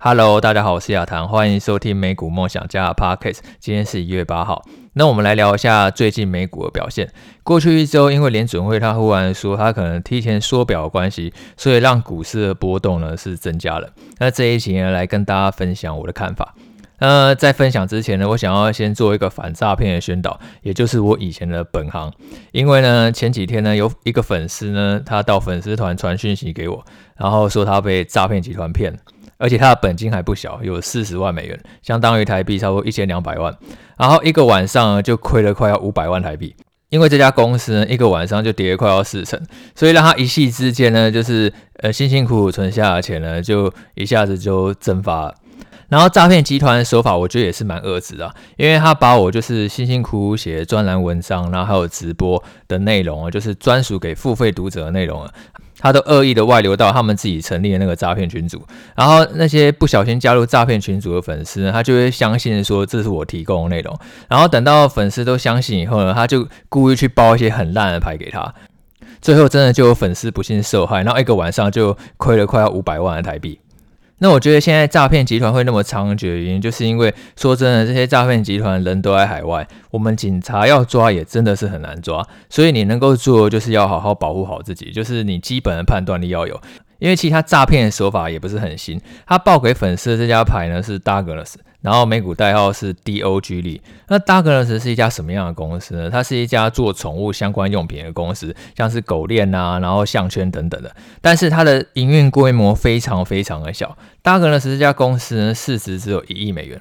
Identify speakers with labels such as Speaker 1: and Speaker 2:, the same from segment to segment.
Speaker 1: Hello，大家好，我是亞堂，歡迎收聽美股夢想家的 Podcast。今天是一月八號，那我們來聊一下最近美股的表現。過去一周，因為聯準會他忽然說他可能提前縮表的關係，所以讓股市的波動呢是增加了。那這一集呢，來跟大家分享我的看法。那在分享之前呢，我想要先做一個反詐騙的宣導，也就是我以前的本行。因為呢，前幾天呢有一個粉絲呢，他到粉絲團傳訊息給我，然後說他被詐騙集團騙了。而且他的本金還不小，有四十萬美元，相當於台幣差不多一千兩百萬。然後一個晚上就虧了快要五百萬台幣，因為這家公司呢一個晚上就跌了快要四成，所以讓他一夕之間呢就是呃辛辛苦苦存下的錢呢就一下子就蒸發了。然後詐騙集團的手法我覺得也是蠻惡質的啊，因為他把我就是辛辛苦苦寫專欄文章，然後還有直播的內容啊，就是專屬給付費讀者的內容啊。他都惡意的外流到他們自己成立的那個詐騙群組，然後那些不小心加入詐騙群組的粉絲，他就會相信說這是我提供的內容，然後等到粉絲都相信以後呢，他就故意去包一些很爛的牌給他，最後真的就有粉絲不幸受害，然後一個晚上就虧了快要五百萬的台幣。那我覺得現在詐騙集團會那麼猖獗，原因就是因為說真的，這些詐騙集團人都在海外，我們警察要抓也真的是很難抓。所以你能夠做的，就是要好好保護好自己，就是你基本的判斷力要有。因為其他詐騙的手法也不是很新，他報給粉絲的這家牌呢是 Daggers。然後美股代號是 DOGL 那大格呢斯是一家什麼樣的公司呢？它是一家做寵物相關用品的公司，像是狗鏈啊，然後項圈等等的。但是它的營運規模非常非常的小。大格呢斯這家公司呢，市值只有一億美元。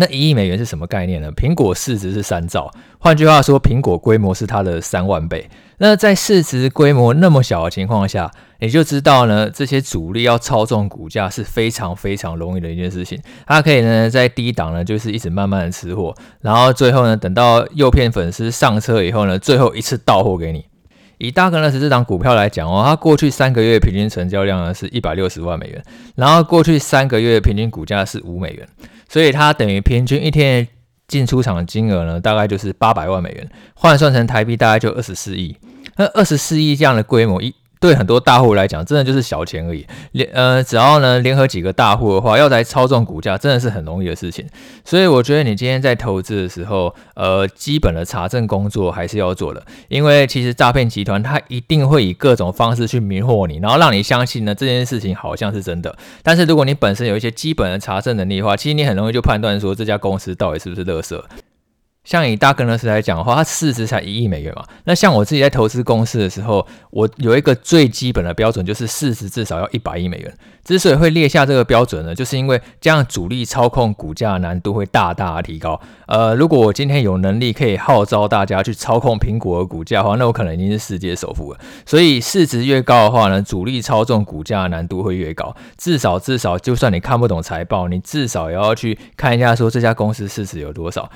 Speaker 1: 那一億美元是什麼概念呢？蘋果市值是三兆，換句話說，蘋果規模是它的三萬倍。那在市值規模那麼小的情況下，你就知道呢，這些主力要操縱股價是非常非常容易的一件事情。它可以呢，在低檔呢，就是一直慢慢的吃貨，然後最後呢，等到誘騙粉絲上車以後呢，最後一次倒貨給你。以大哥納斯這檔股票來講哦，它過去三個月的平均成交量呢是一百六十萬美元，然後過去三個月的平均股價是五美元。所以它等於平均一天進出場的金額呢，大概就是八百萬美元，換算成台幣大概就二十四億。那二十四億這樣的規模一。對很多大戶來講，真的就是小錢而已。聯呃，只要呢，聯合幾個大戶的話，要來操縱股價，真的是很容易的事情。所以我覺得你今天在投資的時候，呃，基本的查證工作還是要做的。因為其實詐騙集團他一定會以各種方式去迷惑你，然後讓你相信呢，這件事情好像是真的。但是如果你本身有一些基本的查證能力的話，其實你很容易就判斷說這家公司到底是不是垃圾。像以大哥呢，是來講的話，它市值才一億美元嘛。那像我自己在投資公司的時候，我有一個最基本的標準，就是市值至少要一百億美元。之所以會列下這個標準呢，就是因為這樣主力操控股價難度會大大提高。呃，如果我今天有能力可以號召大家去操控蘋果的股價的話，那我可能已經是世界首富了。所以市值越高的話呢，主力操縱股價難度會越高。至少至少，就算你看不懂財報，你至少也要去看一下，說這家公司市值有多少。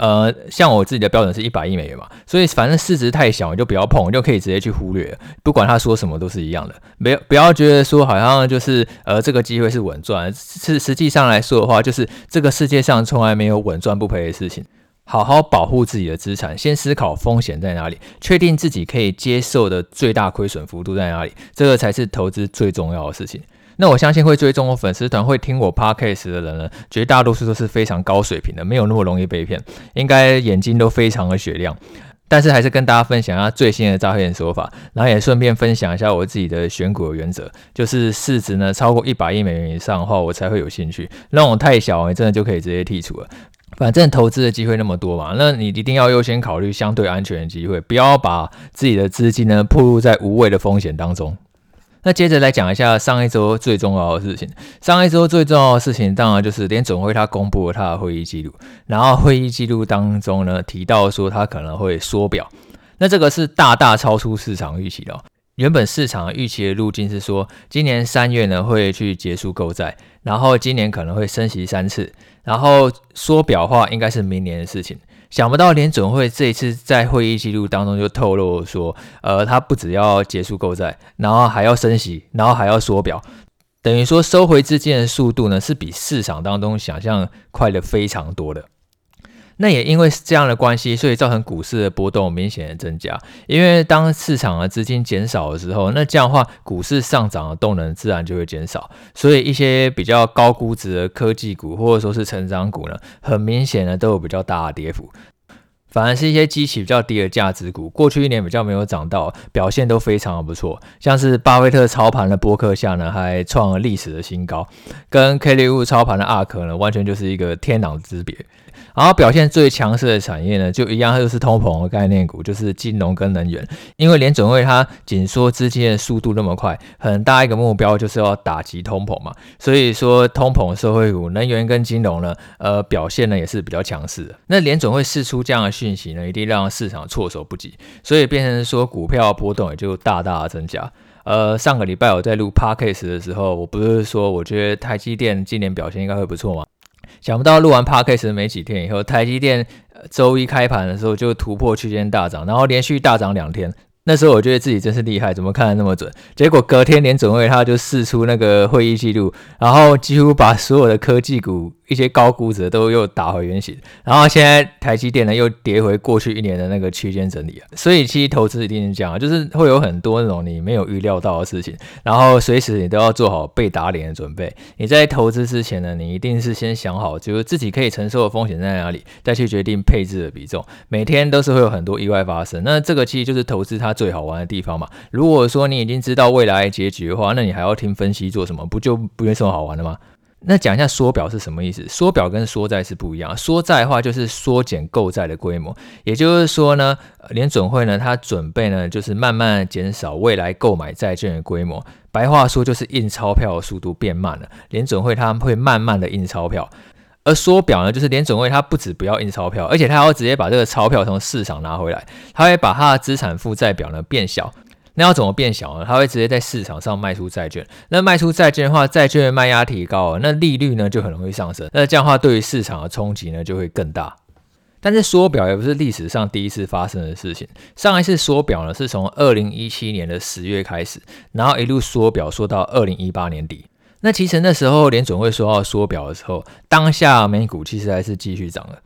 Speaker 1: 呃，像我自己的標準是一百億美元嘛，所以反正市值太小，你就不要碰，你就可以直接去忽略，不管他說什麼都是一樣的，沒有，不要覺得說好像就是呃這個機會是穩賺，是實際上來說的話，就是這個世界上從來沒有穩賺不賠的事情，好好保護自己的資產，先思考風險在哪裡，確定自己可以接受的最大虧損幅度在哪裡，這個才是投資最重要的事情。那我相信會追蹤我粉絲團、會聽我 podcast 的人呢，絕大多數都是非常高水平的，沒有那麼容易被騙，應該眼睛都非常的雪亮。但是還是跟大家分享一下最新的詐騙手法，然後也順便分享一下我自己的選股的原則，就是市值呢超過一百億美元以上的話，我才會有興趣。那種太小，你真的就可以直接剔除了。反正投資的機會那麼多嘛，那你一定要優先考慮相對安全的機會，不要把自己的資金呢暴露在無謂的風險當中。那接着來講一下上一周最重要的事情。上一周最重要的事情，當然就是聯準會他公布了他的會議記錄，然後會議記錄當中呢提到說他可能會縮表，那這個是大大超出市場預期的哦。原本市場預期的路徑是說，今年三月呢會去結束購債，然後今年可能會升息三次，然後縮表的話應該是明年的事情。想不到聯準會這一次在會議記錄當中就透露說，呃，他不只要結束購債，然後還要升息，然後還要縮表，等於說收回資金的速度呢，是比市場當中想象快了非常多的。那也因為這樣的關係，所以造成股市的波動明顯的增加。因為當市場的資金減少的時候，那這樣的話，股市上漲的動能自然就會減少。所以一些比較高估值的科技股或者說是成長股呢，很明顯的都有比較大的跌幅。反而是一些基期比較低的價值股，過去一年比較沒有漲到，表現都非常的不錯。像是巴菲特操盤的波克夏呢，還創了歷史的新高，跟 Kelly Woo 操盤的 ARK 呢，完全就是一個天壤之別。然後表現最強勢的產業呢，就一樣，它就是通膨的概念股，就是金融跟能源。因為聯準會它緊縮資金的速度那麼快，很大一個目標就是要打擊通膨嘛，所以說通膨社會股、能源跟金融呢，呃，表現呢也是比較強勢的。那聯準會釋出這樣的。訊息呢，一定讓市場措手不及，所以變成說股票波動也就大大增加。呃，上個禮拜我在錄 Podcast 的時候，我不是說我覺得台積電今年表現應該會不錯嗎？想不到錄完 Podcast 沒幾天以後，台積電週一開盤的時候就突破區間大漲，然後連續大漲兩天。那時候我覺得自己真是厲害，怎麼看得那麼準？結果隔天聯準會他就釋出那個會議記錄，然後幾乎把所有的科技股一些高估值的都又打回原形。然後現在台積電呢又跌回過去一年的那個區間整理了。所以其實投資一定是這樣啊，就是會有很多那種你沒有預料到的事情，然後隨時你都要做好被打臉的準備。你在投資之前呢，你一定是先想好就是自己可以承受的風險在哪裡，再去決定配置的比重。每天都是會有很多意外發生，那這個其實就是投資它。它最好玩的地方嘛。如果說你已經知道未來結局的話，那你還要聽分析做什麼？不就不沒什麼好玩的嗎？那講一下縮表是什麼意思？縮表跟縮債是不一樣啊。縮債的話就是縮減購債的規模，也就是說呢，聯準會呢它準備呢就是慢慢減少未來購買債券的規模。白話說就是印鈔票的速度變慢了。聯準會他們會慢慢的印鈔票。而縮表呢，就是聯準會它不止不要印鈔票，而且它還會直接把這個鈔票從市場拿回來，它會把它的資產負債表呢變小。那要怎麼變小呢？它會直接在市場上賣出債券。那賣出債券的話，債券的賣壓提高了，那利率呢就很容易上升。那這樣的話對於市場的衝擊呢就會更大。但是縮表也不是歷史上第一次發生的事情。上一次縮表呢是從二零一七年的十月開始，然後一路縮表縮到二零一八年底。那其實那時候聯準會說到縮表的時候，當下美股其實還是繼續漲的，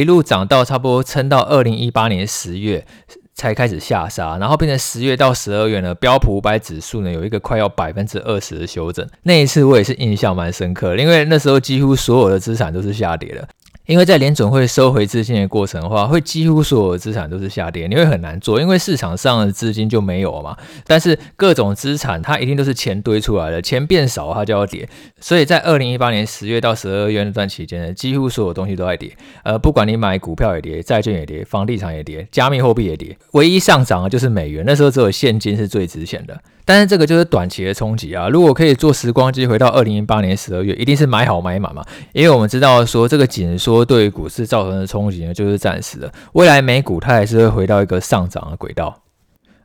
Speaker 1: 一路漲到差不多撐到二零一八年十月才開始下殺，然後變成十月到十二月呢，標普五百指數呢有一個快要百分之二十的修正。那一次我也是印象蠻深刻的，因為那時候幾乎所有的資產都是下跌了。因為在聯準會收回資金的過程的話，會幾乎所有的資產都是下跌，你會很難做，因為市場上的資金就沒有了嘛。但是各種資產它一定都是錢堆出來的，錢變少它就要跌。所以在二零一八年十月到十二月那段期間呢，幾乎所有東西都在跌，呃，不管你買股票也跌，債券也跌，房地產也跌，加密貨幣也跌，唯一上漲的就是美元。那時候只有現金是最值錢的。但是這個就是短期的衝擊啊，如果可以坐時光機回到二零零八年十二月，一定是買好買滿嘛，因為我們知道說這個緊縮對股市造成的衝擊呢，就是暫時的，未來美股它還是會回到一個上漲的軌道。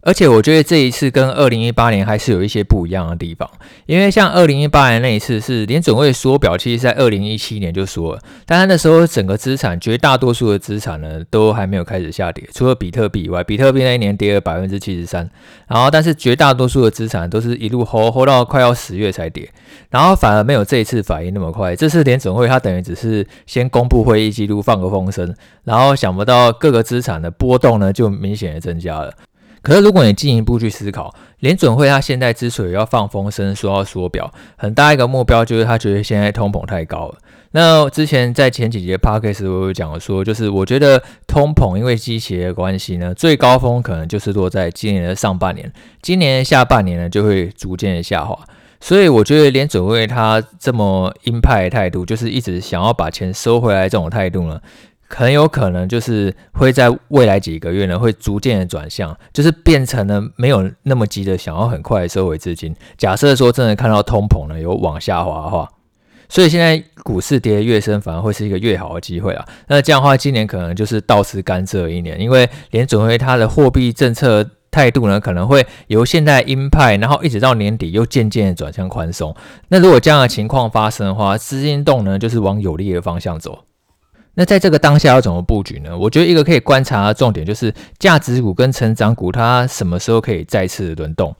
Speaker 1: 而且我覺得這一次跟二零一八年還是有一些不一樣的地方，因為像二零一八年那一次是聯準會縮表，其實在二零一七年就縮了，當然那時候整個資產絕大多數的資產呢都還沒有開始下跌，除了比特幣以外，比特幣那一年跌了百分之七十三，然後但是絕大多數的資產都是一路 hold hold 到快要十月才跌，然後反而沒有這一次反應那麼快。這次聯準會它等於只是先公布會議記錄放個風聲，然後想不到各個資產的波動呢就明顯的增加了。可是，如果你進一步去思考，聯準會他現在之所以要放風聲說要縮表，很大一個目標就是他覺得現在通膨太高了。那之前在前幾節 podcast 我有講說，就是我覺得通膨因為季節的關係呢，最高峰可能就是落在今年的上半年，今年下半年呢就會逐漸的下滑。所以我覺得聯準會他這麼鷹派的態度，就是一直想要把錢收回來這種態度呢。很有可能就是會在未來幾個月呢，會逐漸的轉向，就是變成了沒有那麼急的想要很快的收回資金。假設說真的看到通膨呢有往下滑的話，所以現在股市跌的越深，反而會是一個越好的機會啊。那這樣的話，今年可能就是倒吃甘蔗一年，因為聯準會它的貨幣政策態度呢，可能會由現在鷹派，然後一直到年底又漸漸的轉向寬鬆。那如果這樣的情況發生的話，資金動呢就是往有利的方向走。那在這個當下要怎麼布局呢？我覺得一個可以觀察的重點就是價值股跟成長股它什麼時候可以再次輪動？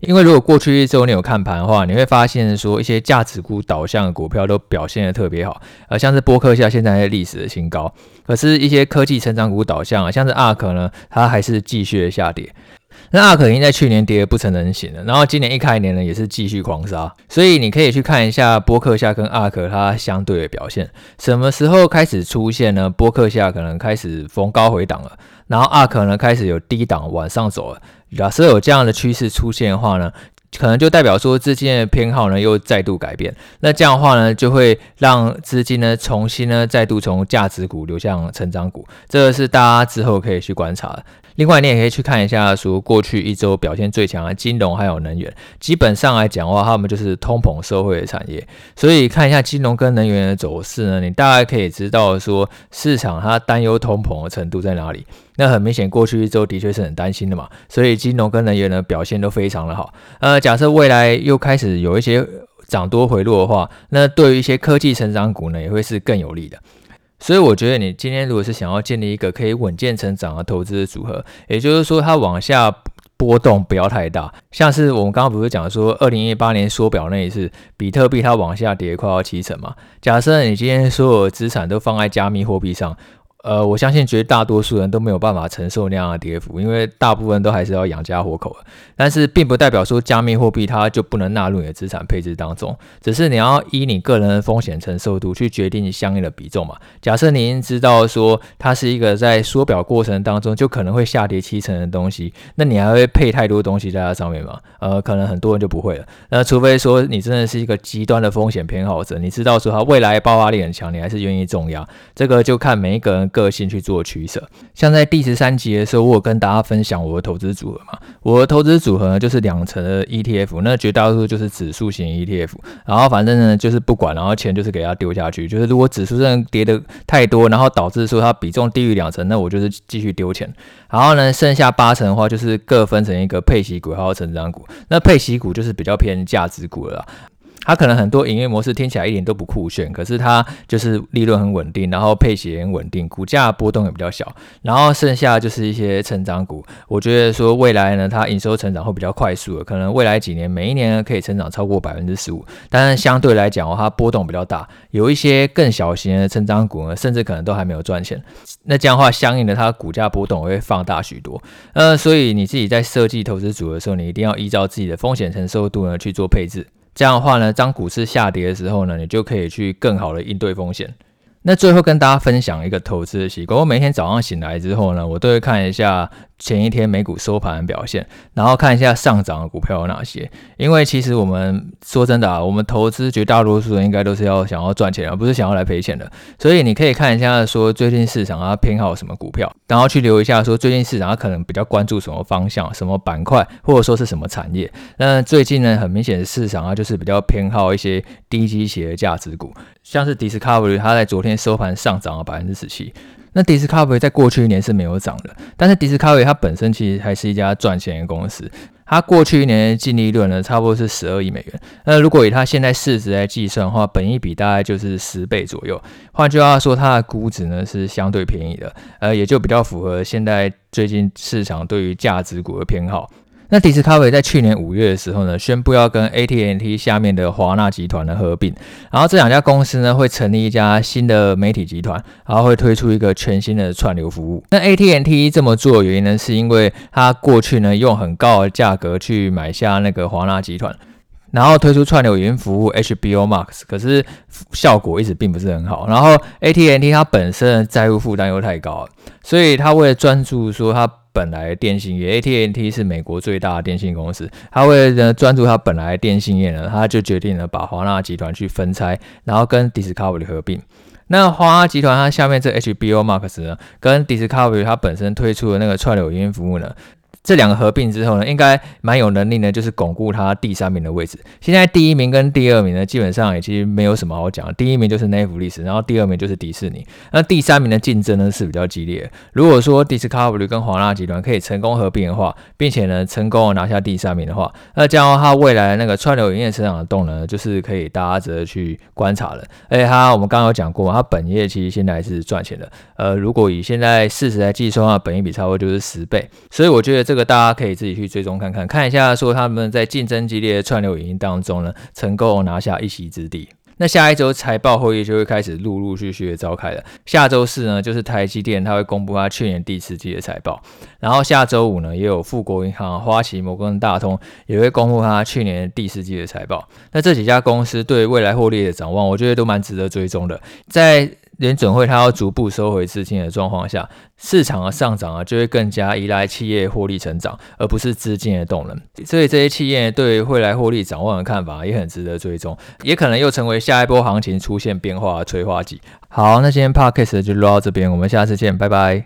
Speaker 1: 因為如果過去一周你有看盤的話，你會發現說一些價值股導向的股票都表現得特別好，而像是波克夏現在歷史的新高，可是一些科技成長股導向啊，像是 ARK 呢，它還是繼續的下跌。那阿克已經在去年跌得不成人形了，然後今年一開年呢也是繼續狂殺，所以你可以去看一下波克夏跟阿克它相對的表現，什麼時候開始出現呢？波克夏可能開始逢高回檔了，然後阿克呢開始有低檔往上走了，假設有這樣的趨勢出現的話呢，可能就代表說資金的偏好呢又再度改變，那這樣的話呢就會讓資金呢重新呢再度從價值股流向成長股，這個是大家之後可以去觀察的。另外，你也可以去看一下，說過去一周表現最強的金融還有能源，基本上來講的話，他們就是通膨社會的產業。所以，看一下金融跟能源的走勢呢，你大概可以知道說市場它擔憂通膨的程度在哪裡。那很明顯，過去一周的確是很擔心的嘛。所以，金融跟能源的表現都非常的好。呃，假設未來又開始有一些漲多回落的話，那對於一些科技成長股呢，也會是更有利的。所以我覺得你今天如果是想要建立一個可以穩健成長的投資的組合，也就是說它往下波動不要太大，像是我們剛剛不是講說二零一八年縮表那一次，比特幣它往下跌快要七成嘛？假設你今天所有的資產都放在加密貨幣上，呃，我相信絕大多數人都沒有辦法承受那樣的跌幅，因為大部分都還是要養家活口。但是，並不代表說加密貨幣它就不能納入你的資產配置當中，只是你要依你個人的風險承受度去決定你相應的比重嘛。假設您知道說它是一個在縮表過程當中就可能會下跌七成的東西，那你還會配太多東西在它上面嗎？呃，可能很多人就不會了。那除非說你真的是一個極端的風險偏好者，你知道說它未來爆發力很強，你還是願意重壓。這個就看每一個人。個性去做取捨，像在第十三集的時候，我有跟大家分享我的投資組合嘛。我的投資組合呢，就是兩成的 ETF，那絕大多數就是指數型 ETF，然後反正呢就是不管，然後錢就是給它丟下去，就是如果指數上跌得太多，然後導致說它比重低於兩成，那我就是繼續丟錢。然後呢，剩下八成的話就是各分成一個配息股還有成長股，那配息股就是比較偏價值股了啦。它可能很多營運模式聽起來一點都不酷炫，可是它就是利潤很穩定，然後配息也很穩定，股價波動也比較小。然後剩下就是一些成長股，我覺得說未來呢，它營收成長會比較快速的，可能未來幾年每一年呢可以成長超過百分之十五。但是相對來講哦，它波動比較大，有一些更小型的成長股呢，甚至可能都還沒有賺錢。那這樣的話，相應的它股價波動會放大許多。呃，所以你自己在設計投資組的時候，你一定要依照自己的風險承受度呢去做配置。這樣的話呢，當股市下跌的時候呢，你就可以去更好的應對風險。那最後跟大家分享一個投資的習慣，我每天早上醒來之後呢，我都會看一下。前一天美股收盤的表現，然後看一下上漲的股票有哪些。因為其實我們說真的啊，我們投資絕大多數人應該都是要想要賺錢，而不是想要來賠錢的。所以你可以看一下說最近市場啊偏好什麼股票，然後去留意一下說最近市場它可能比較關注什麼方向、什麼板塊，或者說是什麼產業。那最近呢，很明顯的市場啊就是比較偏好一些低基期的價值股，像是 Discovery，它在昨天收盤上漲了百分之十七。那 Discovery 在過去一年是沒有漲的，但是 Discovery 它本身其實還是一家賺錢的公司，它過去一年的淨利潤呢，差不多是十二億美元。那如果以它現在市值來計算的話，本益比大概就是十倍左右。換句話說，它的估值呢是相對便宜的，呃，也就比較符合現在最近市場對於價值股的偏好。那 Discovery 在去年五月的時候呢，宣布要跟 AT&T 下面的華納集團的合併，然後這兩家公司呢會成立一家新的媒體集團，然後會推出一個全新的串流服務。那 AT&T 這麼做的原因呢，是因為它過去呢用很高的價格去買下那個華納集團，然後推出串流雲服務 HBO Max，可是效果一直並不是很好。然後 AT&T 它本身的債務負擔又太高，所以他為了專注說他。本來電信業，AT&T 是美國最大的電信公司，他為了呢專注他本來的電信業呢，他就決定呢把華納集團去分拆，然後跟 Discovery 合併。那華納集團它下面這 HBO Max 呢，跟 Discovery 它本身推出的那個串流影音服務呢。這兩個合併之後呢，應該蠻有能力呢，就是鞏固它第三名的位置。現在第一名跟第二名呢，基本上已經沒有什麼好講。第一名就是 Netflix，然後第二名就是迪士尼。那第三名的競爭呢是比較激烈的。如果說 Discovery 跟華納集團可以成功合併的話，並且呢成功拿下第三名的話，那將它、哦、未來那個串流營業成長的動能呢，就是可以大家值得去觀察了。而且它我們剛剛有講過，它本業其實現在還是賺錢的。呃，如果以現在市值來計算的話，本益比差不多就是十倍。所以我覺得這個。這個大家可以自己去追蹤看看，看一下說他們在競爭激烈的串流影音當中呢，成功拿下一席之地。那下一周財報會議就會開始陸陸續續的召開了。下周四呢，就是台積電，他會公布他去年第四季的財報。然後下周五呢，也有富國銀行、花旗、摩根大通也會公布他去年第四季的財報。那這幾家公司對未來獲利的展望，我覺得都蠻值得追蹤的。在聯準會它要逐步收回資金的狀況下，市場的上漲啊，就會更加依賴企業獲利成長，而不是資金的動能。所以這些企業對於未來獲利展望的看法也很值得追蹤，也可能又成為下一波行情出現變化的催化劑。好，那今天 podcast 就錄到這邊，我們下次見，拜拜。